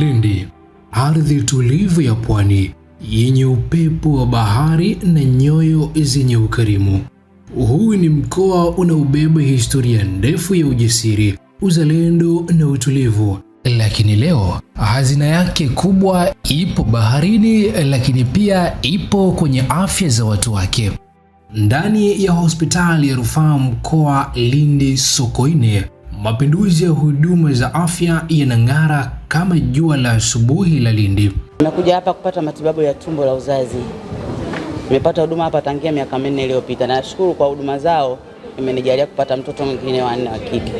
Lindi, ardhi tulivu ya pwani yenye upepo wa bahari na nyoyo zenye ukarimu. Huu ni mkoa unaobeba historia ndefu ya ujasiri, uzalendo na utulivu. Lakini leo hazina yake kubwa ipo baharini, lakini pia ipo kwenye afya za watu wake. Ndani ya hospitali ya rufaa mkoa Lindi Sokoine Mapinduzi ya huduma za afya yanang'ara kama jua la asubuhi la Lindi. Nakuja hapa kupata matibabu ya tumbo la uzazi. Nimepata huduma hapa tangia miaka minne iliyopita. Nashukuru kwa huduma zao, imenijalia kupata mtoto mwingine wa nne wa kike.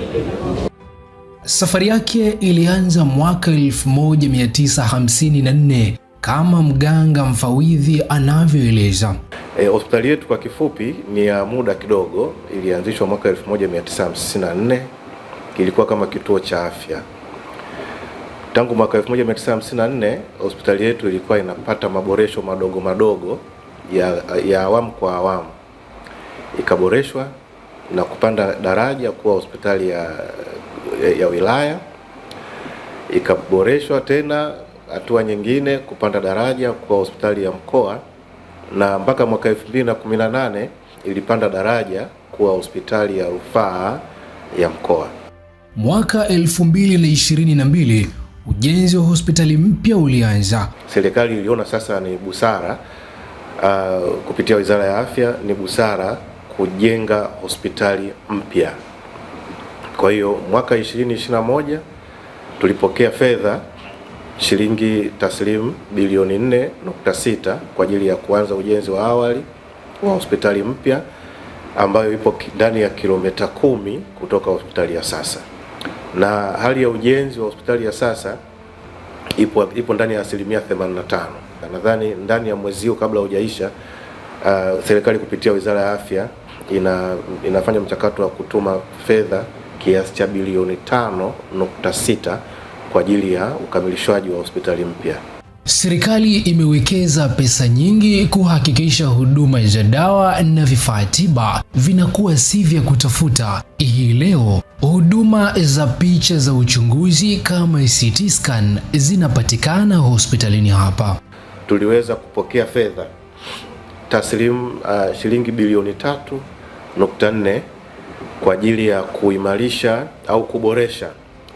Safari yake ilianza mwaka 1954 kama mganga mfawidhi anavyoeleza. E, hospitali yetu kwa kifupi ni ya muda kidogo, ilianzishwa mwaka 1954 ilikuwa kama kituo cha afya. Tangu mwaka 1954 hospitali yetu ilikuwa inapata maboresho madogo madogo ya, ya awamu kwa awamu, ikaboreshwa na kupanda daraja kuwa hospitali ya, ya, ya wilaya, ikaboreshwa tena hatua nyingine kupanda daraja kuwa hospitali ya mkoa, na mpaka mwaka 2018 ilipanda daraja kuwa hospitali ya rufaa ya mkoa. Mwaka 2022 ujenzi wa hospitali mpya ulianza. Serikali iliona sasa ni busara uh, kupitia Wizara ya Afya ni busara kujenga hospitali mpya. Kwa hiyo mwaka 2021 tulipokea fedha shilingi taslimu bilioni 4.6 kwa ajili ya kuanza ujenzi wa awali wa hospitali mpya ambayo ipo ndani ya kilomita kumi kutoka hospitali ya sasa na hali ya ujenzi wa hospitali ya sasa ipo, ipo ndani ya asilimia 85. Nadhani ndani ya mwezi huu kabla hujaisha, uh, serikali kupitia Wizara ya Afya ina, inafanya mchakato wa kutuma fedha kiasi cha bilioni 5.6 kwa ajili ya ukamilishwaji wa hospitali mpya. Serikali imewekeza pesa nyingi kuhakikisha huduma za dawa na vifaa tiba vinakuwa si vya kutafuta. Hii leo huduma za picha za uchunguzi kama CT scan zinapatikana hospitalini hapa. Tuliweza kupokea fedha taslimu uh, shilingi bilioni tatu nukta nne kwa ajili ya kuimarisha au kuboresha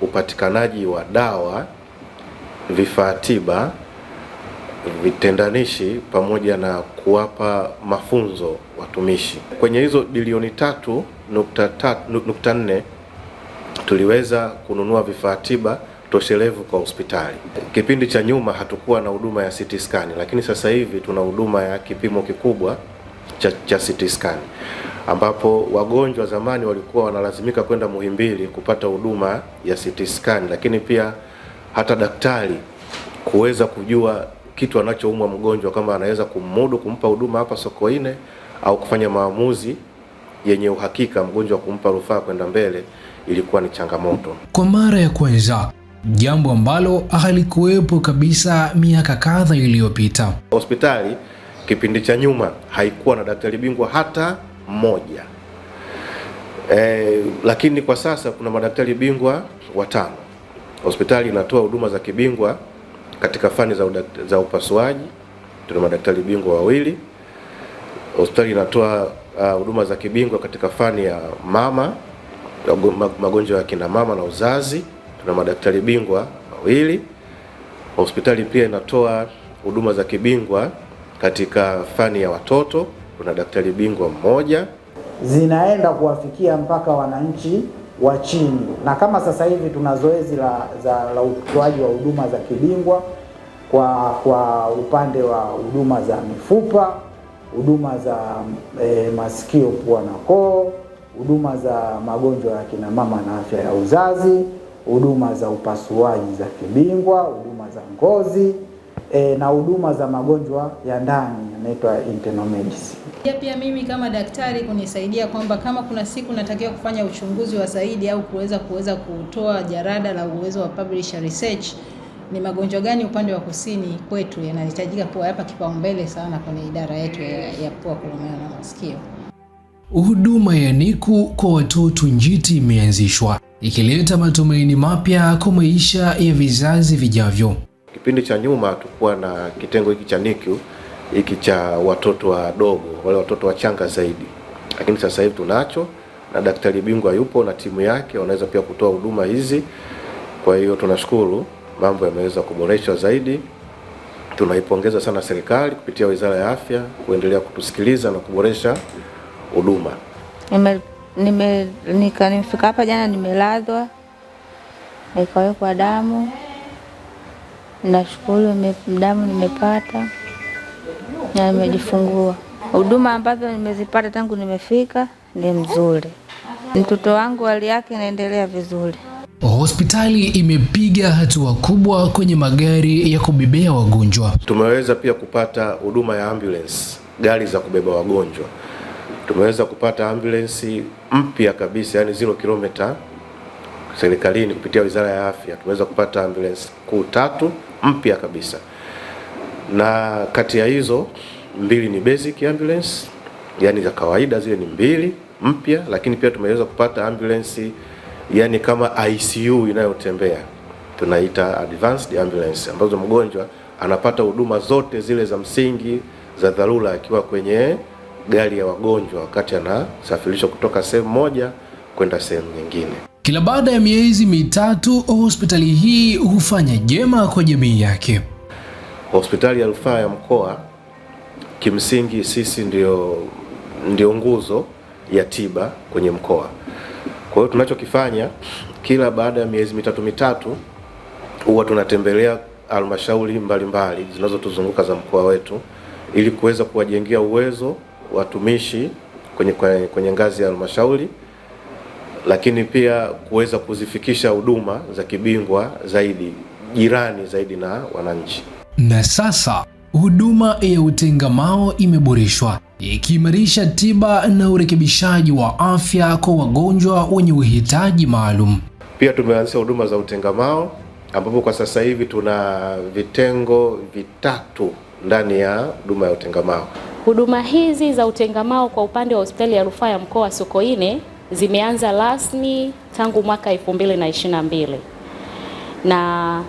upatikanaji wa dawa, vifaa tiba vitendanishi pamoja na kuwapa mafunzo watumishi. Kwenye hizo bilioni tatu nukta tatu, nukta nne tuliweza kununua vifaa tiba toshelevu kwa hospitali. Kipindi cha nyuma hatukuwa na huduma ya CT scan, lakini sasa hivi tuna huduma ya kipimo kikubwa cha, cha CT scan ambapo wagonjwa zamani walikuwa wanalazimika kwenda Muhimbili kupata huduma ya CT scan, lakini pia hata daktari kuweza kujua kitu anachoumwa mgonjwa, kama anaweza kumudu kumpa huduma hapa Sokoine au kufanya maamuzi yenye uhakika mgonjwa kumpa rufaa kwenda mbele, ilikuwa ni changamoto kwa mara ya kwanza, jambo ambalo halikuwepo kabisa miaka kadha iliyopita. Hospitali kipindi cha nyuma haikuwa na daktari bingwa hata mmoja e, lakini kwa sasa kuna madaktari bingwa watano. Hospitali inatoa huduma za kibingwa katika fani za, za upasuaji tuna madaktari bingwa wawili. Hospitali inatoa uh, huduma uh, za kibingwa katika fani ya mama, magonjwa ya kina mama na uzazi, tuna madaktari bingwa wawili. Hospitali pia inatoa huduma za kibingwa katika fani ya watoto, tuna daktari bingwa mmoja. Zinaenda kuwafikia mpaka wananchi wa chini, na kama sasa hivi tuna zoezi la, la utoaji wa huduma za kibingwa kwa, kwa upande wa huduma za mifupa, huduma za e, masikio, pua na koo, huduma za magonjwa ya kina mama na afya ya uzazi, huduma za upasuaji za kibingwa, huduma za ngozi e, na huduma za magonjwa ya ndani yanaitwa internal medicine. Pia mimi kama daktari kunisaidia kwamba kama kuna siku natakiwa kufanya uchunguzi wa zaidi au kuweza kuweza kutoa jarada la uwezo wa publisher research ni magonjwa gani upande wa kusini kwetu yanahitajika kuwa hapa kipaumbele sana kwenye idara yetu ya, ya pua, koromeo na masikio. Huduma ya NICU kwa watoto njiti imeanzishwa ikileta matumaini mapya kwa maisha ya vizazi vijavyo. Kipindi cha nyuma tukuwa na kitengo hiki cha NICU hiki cha watoto wadogo, wale watoto wachanga zaidi, lakini sasa hivi tunacho na daktari bingwa yupo na timu yake, wanaweza pia kutoa huduma hizi. Kwa hiyo tunashukuru mambo yameweza kuboreshwa zaidi. Tunaipongeza sana serikali kupitia Wizara ya Afya kuendelea kutusikiliza na kuboresha huduma. Nimefika hapa jana nimelazwa nikawekwa damu Nashukuru damu nimepata na nimejifungua. Huduma ambazo nimezipata tangu nimefika ni mzuri. Mtoto wangu hali yake inaendelea vizuri. Hospitali imepiga hatua kubwa kwenye magari ya kubebea wagonjwa. Tumeweza pia kupata huduma ya ambulance, gari za kubeba wagonjwa. Tumeweza kupata ambulance mpya kabisa, yani zero kilomita serikalini kupitia Wizara ya Afya. Tumeweza kupata ambulance kuu tatu mpya kabisa, na kati ya hizo mbili ni basic ambulance, yani za kawaida, zile ni mbili mpya, lakini pia tumeweza kupata ambulance yani kama ICU inayotembea tunaita advanced ambulance, ambazo mgonjwa anapata huduma zote zile za msingi za dharura akiwa kwenye gari ya wagonjwa wakati anasafirishwa kutoka sehemu moja kwenda sehemu nyingine. Kila baada ya miezi mitatu hospitali hii hufanya jema kwa jamii yake. Hospitali ya rufaa ya mkoa kimsingi sisi ndio, ndio nguzo ya tiba kwenye mkoa. Kwa hiyo tunachokifanya kila baada ya miezi mitatu mitatu huwa tunatembelea halmashauri mbalimbali zinazotuzunguka za mkoa wetu ili kuweza kuwajengea uwezo watumishi kwenye, kwenye ngazi ya halmashauri lakini pia kuweza kuzifikisha huduma za kibingwa zaidi jirani zaidi na wananchi. Na sasa huduma ya utengamao imeboreshwa ikiimarisha tiba na urekebishaji wa afya kwa wagonjwa wenye uhitaji maalum. Pia tumeanzisha huduma za utengamao ambapo kwa sasa hivi tuna vitengo vitatu ndani ya huduma ya utengamao. Huduma hizi za utengamao kwa upande wa hospitali ya rufaa ya mkoa wa Sokoine zimeanza rasmi tangu mwaka 2022 na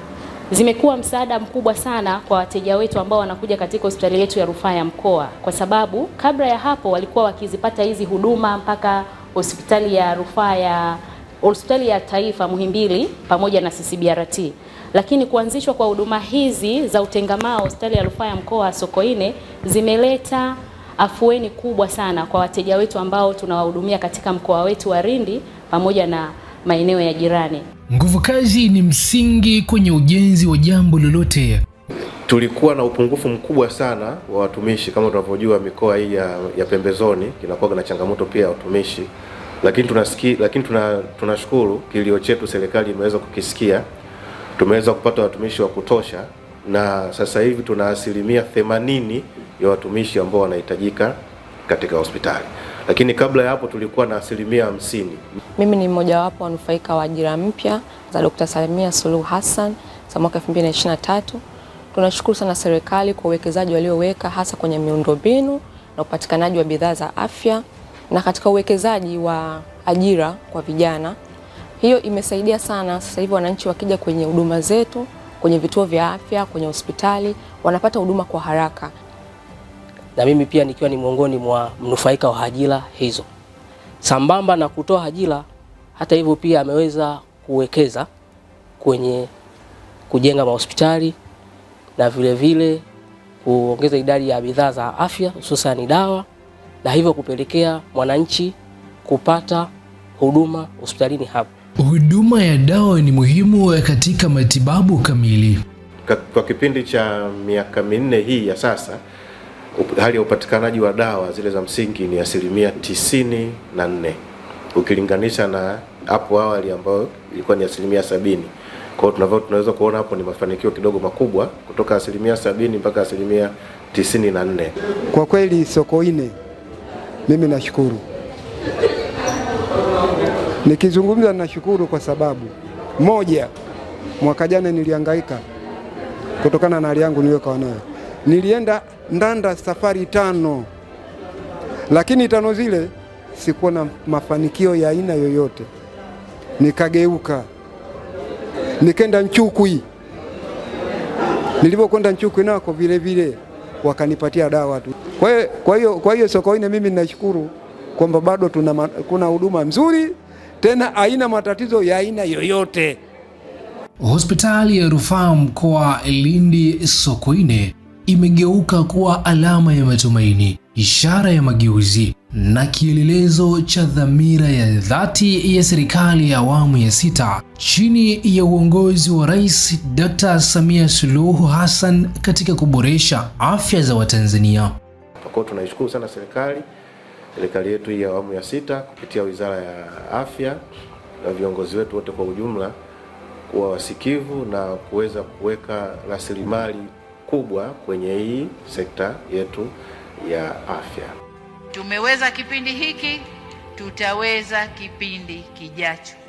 zimekuwa msaada mkubwa sana kwa wateja wetu ambao wanakuja katika hospitali yetu ya rufaa ya mkoa, kwa sababu kabla ya hapo walikuwa wakizipata hizi huduma mpaka hospitali ya rufaa ya hospitali ya taifa Muhimbili pamoja na CCBRT, lakini kuanzishwa kwa huduma hizi za utengamao hospitali ya rufaa ya mkoa Sokoine zimeleta afueni kubwa sana kwa wateja wetu ambao tunawahudumia katika mkoa wetu wa Lindi pamoja na maeneo ya jirani. Nguvu kazi ni msingi kwenye ujenzi wa jambo lolote. Tulikuwa na upungufu mkubwa sana wa watumishi, kama tunavyojua mikoa hii ya, ya pembezoni kinakuwa na changamoto pia ya watumishi, lakini tunasiki, lakini tuna, tunashukuru kilio chetu serikali imeweza kukisikia, tumeweza kupata watumishi wa kutosha na sasa hivi tuna asilimia themanini ya watumishi ambao wanahitajika katika hospitali, lakini kabla ya hapo tulikuwa na asilimia hamsini. Mimi ni mmojawapo wanufaika wa ajira mpya za Dkt. Samia Suluhu Hassan za mwaka 2023. Tunashukuru sana serikali kwa uwekezaji walioweka hasa kwenye miundombinu na upatikanaji wa bidhaa za afya na katika uwekezaji wa ajira kwa vijana. Hiyo imesaidia sana, sasa hivi wananchi wakija kwenye huduma zetu kwenye vituo vya afya, kwenye hospitali, wanapata huduma kwa haraka. Na mimi pia nikiwa ni miongoni mwa mnufaika wa ajira hizo, sambamba na kutoa ajira, hata hivyo pia ameweza kuwekeza kwenye kujenga mahospitali na vilevile vile kuongeza idadi ya bidhaa za afya hususani dawa na hivyo kupelekea mwananchi kupata huduma hospitalini hapo. Huduma ya dawa ni muhimu katika matibabu kamili. Kwa kipindi cha miaka minne hii ya sasa, hali ya upatikanaji wa dawa zile za msingi ni asilimia tisini na nne ukilinganisha na hapo awali ambayo ilikuwa ni asilimia sabini. Kwa hiyo tunaweza kuona hapo ni mafanikio kidogo makubwa kutoka asilimia sabini mpaka asilimia tisini na nne. Kwa kweli Sokoine, mimi nashukuru. Nikizungumza nashukuru kwa sababu moja, mwaka jana nilihangaika kutokana na hali yangu niliyokuwa nayo, nilienda Ndanda safari tano, lakini tano zile sikuwa na mafanikio ya aina yoyote. Nikageuka nikenda Nchukwi. Nilipokwenda Nchukwi nako vile vile wakanipatia dawa tu. Kwa hiyo kwa hiyo Sokoine mimi ninashukuru kwamba bado tuna kuna huduma nzuri tena haina matatizo ya aina yoyote. Hospitali ya rufaa mkoa Lindi Sokoine imegeuka kuwa alama ya matumaini, ishara ya mageuzi na kielelezo cha dhamira ya dhati ya serikali ya awamu ya sita chini ya uongozi wa Rais Dr. Samia Suluhu Hassan katika kuboresha afya za Watanzania. Kwa hiyo tunaishukuru sana serikali serikali yetu hii ya awamu ya sita kupitia Wizara ya Afya na viongozi wetu wote kwa ujumla kuwa wasikivu na kuweza kuweka rasilimali kubwa kwenye hii sekta yetu ya afya. Tumeweza kipindi hiki, tutaweza kipindi kijacho.